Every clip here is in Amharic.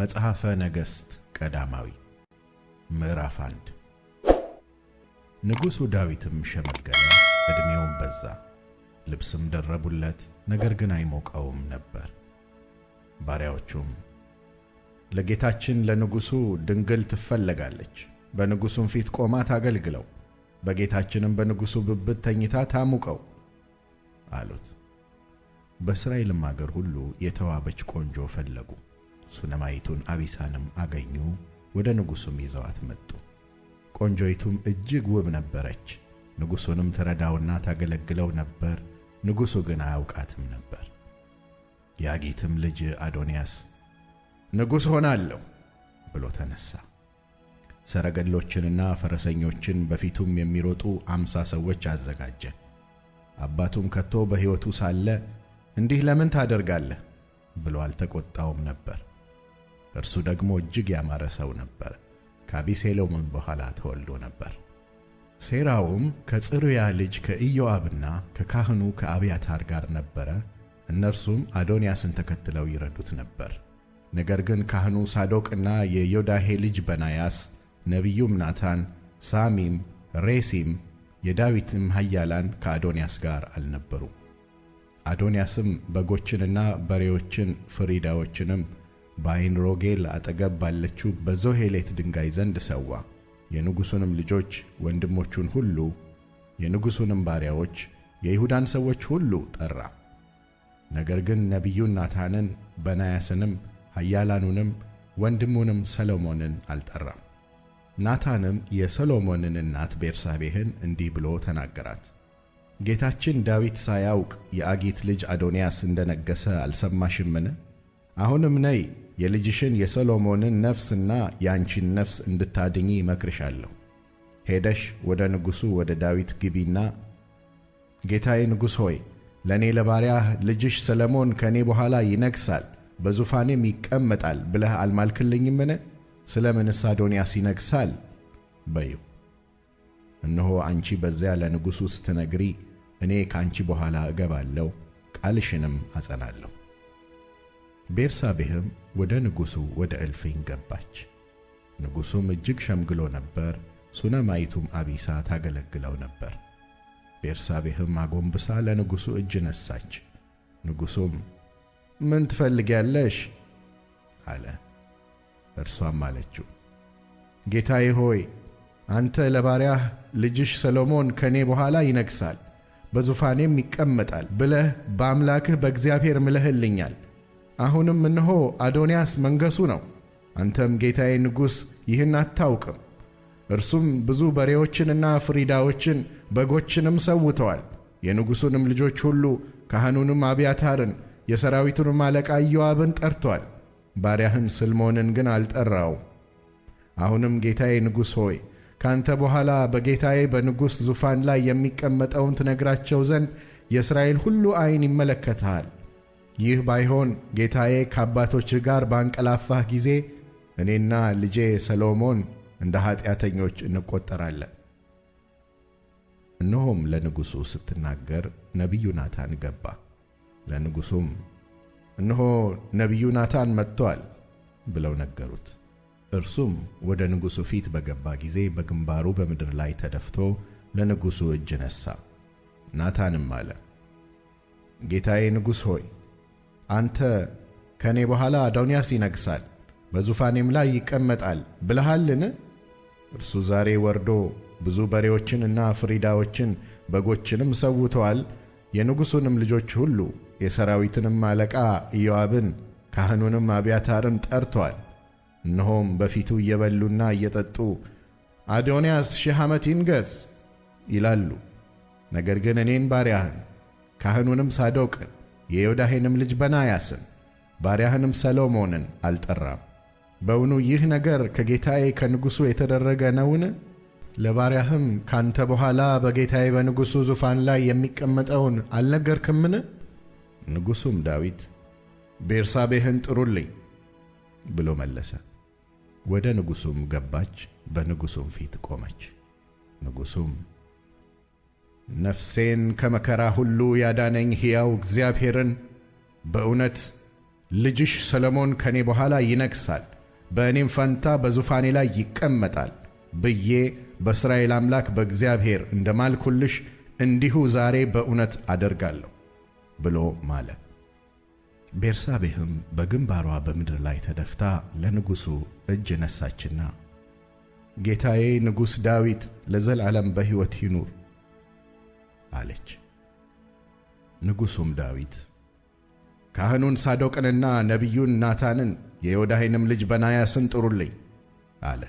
መጽሐፈ ነገሥት ቀዳማዊ ምዕራፍ አንድ ንጉሡ ዳዊትም ሸመገለ፣ ዕድሜውም በዛ። ልብስም ደረቡለት፣ ነገር ግን አይሞቀውም ነበር። ባሪያዎቹም ለጌታችን ለንጉሡ ድንግል ትፈለጋለች፣ በንጉሡም ፊት ቆማ ታገልግለው፣ በጌታችንም በንጉሡ ብብት ተኝታ ታሙቀው አሉት። በእስራኤልም አገር ሁሉ የተዋበች ቆንጆ ፈለጉ። ሱነማይቱን አቢሳንም አገኙ፣ ወደ ንጉሡም ይዘዋት መጡ። ቆንጆይቱም እጅግ ውብ ነበረች። ንጉሡንም ትረዳውና ታገለግለው ነበር፤ ንጉሡ ግን አያውቃትም ነበር። ያጊትም ልጅ አዶንያስ ንጉሥ ሆናለሁ ብሎ ተነሣ። ሰረገሎችንና ፈረሰኞችን በፊቱም የሚሮጡ አምሳ ሰዎች አዘጋጀ። አባቱም ከቶ በሕይወቱ ሳለ እንዲህ ለምን ታደርጋለህ ብሎ አልተቈጣውም ነበር። እርሱ ደግሞ እጅግ ያማረ ሰው ነበር፤ ከአቢሴሎምም በኋላ ተወልዶ ነበር። ሴራውም ከጽሩያ ልጅ ከኢዮአብና ከካህኑ ከአብያታር ጋር ነበረ፤ እነርሱም አዶንያስን ተከትለው ይረዱት ነበር። ነገር ግን ካህኑ ሳዶቅና የዮዳሄ ልጅ በናያስ፣ ነቢዩም ናታን፣ ሳሚም፣ ሬሲም የዳዊትም ኃያላን ከአዶንያስ ጋር አልነበሩም። አዶንያስም በጎችንና በሬዎችን ፍሪዳዎችንም በአይን ሮጌል አጠገብ ባለችው በዞሄሌት ድንጋይ ዘንድ ሰዋ። የንጉሡንም ልጆች ወንድሞቹን ሁሉ፣ የንጉሡንም ባሪያዎች፣ የይሁዳን ሰዎች ሁሉ ጠራ። ነገር ግን ነቢዩን ናታንን በናያስንም ኃያላኑንም ወንድሙንም ሰሎሞንን አልጠራም። ናታንም የሰሎሞንን እናት ቤርሳቤህን እንዲህ ብሎ ተናገራት። ጌታችን ዳዊት ሳያውቅ የአጊት ልጅ አዶንያስ እንደ ነገሠ አልሰማሽምን? አሁንም ነይ የልጅሽን የሰሎሞንን ነፍስና የአንቺን ነፍስ እንድታድኚ ይመክርሻለሁ። ሄደሽ ወደ ንጉሡ ወደ ዳዊት ግቢና ጌታዬ ንጉሥ ሆይ ለእኔ ለባሪያህ ልጅሽ ሰለሞን ከእኔ በኋላ ይነግሣል በዙፋኔም ይቀመጣል ብለህ አልማልክልኝምን? ስለ ምንስ አዶንያስ ይነግሣል በዩ። እነሆ አንቺ በዚያ ለንጉሡ ስትነግሪ እኔ ከአንቺ በኋላ እገባለሁ፣ ቃልሽንም አጸናለሁ። ቤርሳቤህም ወደ ንጉሡ ወደ እልፍኝ ገባች። ንጉሡም እጅግ ሸምግሎ ነበር፤ ሱነማይቱም አቢሳ ታገለግለው ነበር። ቤርሳቤህም አጎንብሳ ለንጉሡ እጅ ነሳች ንጉሡም ምን ትፈልጊያለሽ? አለ። እርሷም አለችው፣ ጌታዬ ሆይ አንተ ለባሪያህ ልጅሽ ሰሎሞን ከእኔ በኋላ ይነግሣል በዙፋኔም ይቀመጣል ብለህ በአምላክህ በእግዚአብሔር ምለህልኛል። አሁንም እነሆ አዶንያስ መንገሱ ነው፤ አንተም ጌታዬ ንጉሥ ይህን አታውቅም። እርሱም ብዙ በሬዎችንና ፍሪዳዎችን በጎችንም ሰውተዋል። የንጉሡንም ልጆች ሁሉ ካህኑንም አብያታርን የሰራዊቱንም አለቃ ኢዮአብን ጠርቶአል፤ ባሪያህን ስልሞንን ግን አልጠራው። አሁንም ጌታዬ ንጉሥ ሆይ ካንተ በኋላ በጌታዬ በንጉሥ ዙፋን ላይ የሚቀመጠውን ትነግራቸው ዘንድ የእስራኤል ሁሉ ዐይን ይመለከትሃል። ይህ ባይሆን ጌታዬ ከአባቶችህ ጋር ባንቀላፋህ ጊዜ እኔና ልጄ ሰሎሞን እንደ ኀጢአተኞች እንቈጠራለን። እነሆም ለንጉሡ ስትናገር ነቢዩ ናታን ገባ። ለንጉሡም እነሆ ነቢዩ ናታን መጥቶአል ብለው ነገሩት። እርሱም ወደ ንጉሡ ፊት በገባ ጊዜ በግንባሩ በምድር ላይ ተደፍቶ ለንጉሡ እጅ ነሣ። ናታንም አለ፦ ጌታዬ ንጉሥ ሆይ አንተ ከእኔ በኋላ አዶንያስ ይነግሣል በዙፋኔም ላይ ይቀመጣል ብለሃልን? እርሱ ዛሬ ወርዶ ብዙ በሬዎችን እና ፍሪዳዎችን በጎችንም ሰውተዋል። የንጉሡንም ልጆች ሁሉ የሰራዊትንም አለቃ ኢዮአብን ካህኑንም አብያታርን ጠርቷል። እነሆም በፊቱ እየበሉና እየጠጡ አዶንያስ ሺህ ዓመት ይንገሥ ይላሉ። ነገር ግን እኔን ባሪያህን ካህኑንም ሳዶቅን የዮዳሄንም ልጅ በናያስን ባሪያህንም ሰሎሞንን አልጠራም። በውኑ ይህ ነገር ከጌታዬ ከንጉሡ የተደረገ ነውን? ለባሪያህም ካንተ በኋላ በጌታዬ በንጉሡ ዙፋን ላይ የሚቀመጠውን አልነገርክምን? ንጉሡም ዳዊት ቤርሳቤህን ጥሩልኝ ብሎ መለሰ። ወደ ንጉሡም ገባች፣ በንጉሡም ፊት ቆመች። ንጉሡም ነፍሴን ከመከራ ሁሉ ያዳነኝ ሕያው እግዚአብሔርን በእውነት ልጅሽ ሰሎሞን ከኔ በኋላ ይነግሣል፣ በእኔም ፈንታ በዙፋኔ ላይ ይቀመጣል ብዬ በእስራኤል አምላክ በእግዚአብሔር እንደ ማልኩልሽ እንዲሁ ዛሬ በእውነት አደርጋለሁ ብሎ ማለ። ቤርሳቤህም በግንባሯ በምድር ላይ ተደፍታ ለንጉሡ እጅ ነሣችና ጌታዬ ንጉሥ ዳዊት ለዘላለም በሕይወት ይኑር አለች። ንጉሡም ዳዊት ካህኑን ሳዶቅንና ነቢዩን ናታንን የዮዳሄንም ልጅ በናያስን ጥሩልኝ አለ።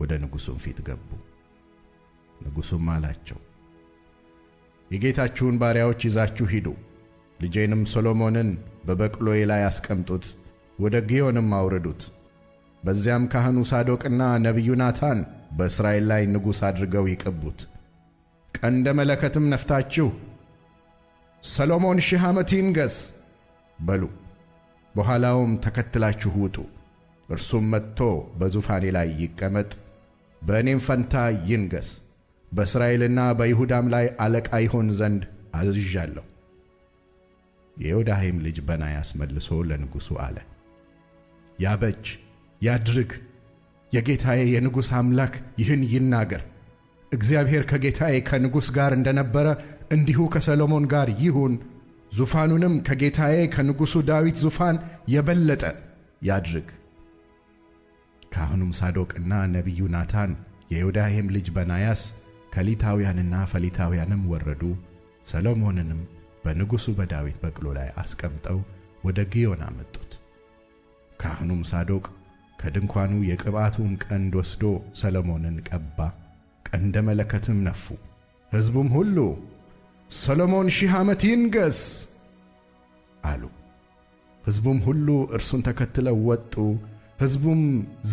ወደ ንጉሡም ፊት ገቡ። ንጉሡም አላቸው፣ የጌታችሁን ባሪያዎች ይዛችሁ ሂዱ፣ ልጄንም ሶሎሞንን በበቅሎዬ ላይ አስቀምጡት፣ ወደ ግዮንም አውርዱት። በዚያም ካህኑ ሳዶቅና ነቢዩ ናታን በእስራኤል ላይ ንጉሥ አድርገው ይቅቡት ቀንደ መለከትም ነፍታችሁ ሰሎሞን ሺህ ዓመት ይንገስ በሉ። በኋላውም ተከትላችሁ ውጡ። እርሱም መጥቶ በዙፋኔ ላይ ይቀመጥ፣ በእኔም ፈንታ ይንገስ። በእስራኤልና በይሁዳም ላይ አለቃ ይሆን ዘንድ አዝዣለሁ። የዮዳሄም ልጅ በናያስ መልሶ ለንጉሡ አለ፣ ያበጅ ያድርግ፣ የጌታዬ የንጉሥ አምላክ ይህን ይናገር እግዚአብሔር ከጌታዬ ከንጉሥ ጋር እንደነበረ እንዲሁ ከሰሎሞን ጋር ይሁን፣ ዙፋኑንም ከጌታዬ ከንጉሡ ዳዊት ዙፋን የበለጠ ያድርግ። ካህኑም ሳዶቅና ነቢዩ ናታን የዮዳሄም ልጅ በናያስ ከሊታውያንና ፈሊታውያንም ወረዱ። ሰሎሞንንም በንጉሡ በዳዊት በቅሎ ላይ አስቀምጠው ወደ ግዮን አመጡት። ካህኑም ሳዶቅ ከድንኳኑ የቅብዓቱን ቀንድ ወስዶ ሰሎሞንን ቀባ። እንደ መለከትም ነፉ። ሕዝቡም ሁሉ ሰሎሞን ሺህ ዓመት ይንገሥ አሉ። ሕዝቡም ሁሉ እርሱን ተከትለው ወጡ። ሕዝቡም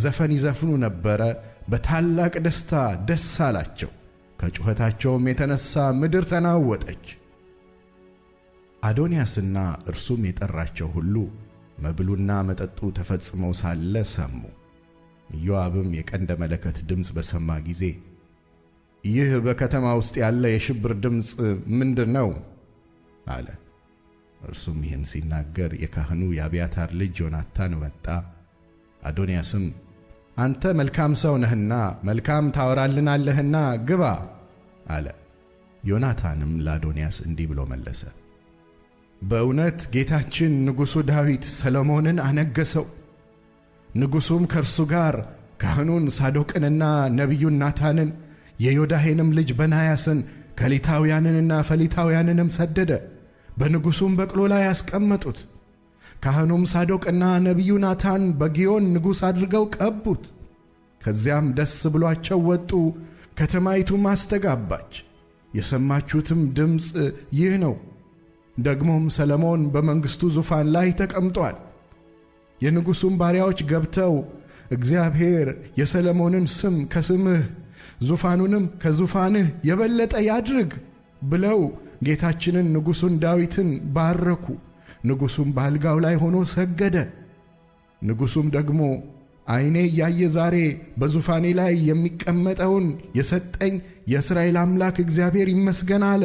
ዘፈን ይዘፍኑ ነበረ፣ በታላቅ ደስታ ደስ አላቸው። ከጩኸታቸውም የተነሣ ምድር ተናወጠች። አዶንያስና እርሱም የጠራቸው ሁሉ መብሉና መጠጡ ተፈጽመው ሳለ ሰሙ። ኢዮአብም የቀንደ መለከት ድምፅ በሰማ ጊዜ ይህ በከተማ ውስጥ ያለ የሽብር ድምፅ ምንድን ነው? አለ። እርሱም ይህን ሲናገር የካህኑ የአብያታር ልጅ ዮናታን መጣ። አዶንያስም አንተ መልካም ሰው ነህና መልካም ታወራልናለህና ግባ አለ። ዮናታንም ለአዶንያስ እንዲህ ብሎ መለሰ፣ በእውነት ጌታችን ንጉሡ ዳዊት ሰሎሞንን አነገሰው ንጉሡም ከእርሱ ጋር ካህኑን ሳዶቅንና ነቢዩን ናታንን የዮዳሄንም ልጅ በናያስን ከሊታውያንንና ፈሊታውያንንም ሰደደ። በንጉሡም በቅሎ ላይ ያስቀመጡት። ካህኑም ሳዶቅና ነቢዩ ናታን በጊዮን ንጉሥ አድርገው ቀቡት። ከዚያም ደስ ብሏቸው ወጡ። ከተማይቱም አስተጋባች። የሰማችሁትም ድምፅ ይህ ነው። ደግሞም ሰለሞን በመንግሥቱ ዙፋን ላይ ተቀምጧል። የንጉሡም ባሪያዎች ገብተው እግዚአብሔር የሰለሞንን ስም ከስምህ ዙፋኑንም ከዙፋንህ የበለጠ ያድርግ ብለው ጌታችንን ንጉሡን ዳዊትን ባረኩ። ንጉሡም በአልጋው ላይ ሆኖ ሰገደ። ንጉሡም ደግሞ ዐይኔ እያየ ዛሬ በዙፋኔ ላይ የሚቀመጠውን የሰጠኝ የእስራኤል አምላክ እግዚአብሔር ይመስገን አለ።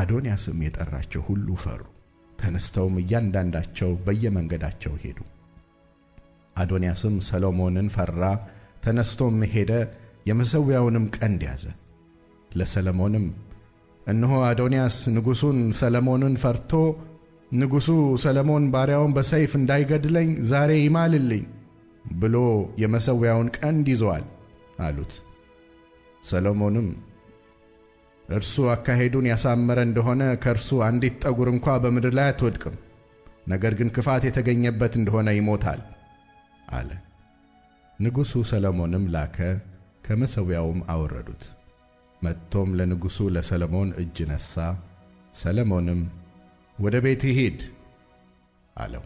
አዶንያስም የጠራቸው ሁሉ ፈሩ። ተነስተውም እያንዳንዳቸው በየመንገዳቸው ሄዱ። አዶንያስም ሰሎሞንን ፈራ፣ ተነስቶም ሄደ፣ የመሠዊያውንም ቀንድ ያዘ። ለሰለሞንም እነሆ አዶንያስ ንጉሡን ሰለሞንን ፈርቶ ንጉሡ ሰለሞን ባሪያውን በሰይፍ እንዳይገድለኝ ዛሬ ይማልልኝ ብሎ የመሠዊያውን ቀንድ ይዘዋል አሉት። ሰሎሞንም እርሱ አካሄዱን ያሳመረ እንደሆነ ከእርሱ አንዲት ጠጉር እንኳ በምድር ላይ አትወድቅም፣ ነገር ግን ክፋት የተገኘበት እንደሆነ ይሞታል አለ። ንጉሡ ሰለሞንም ላከ፣ ከመሠዊያውም አወረዱት። መጥቶም ለንጉሡ ለሰለሞን እጅ ነሣ። ሰለሞንም ወደ ቤትህ ሂድ አለው።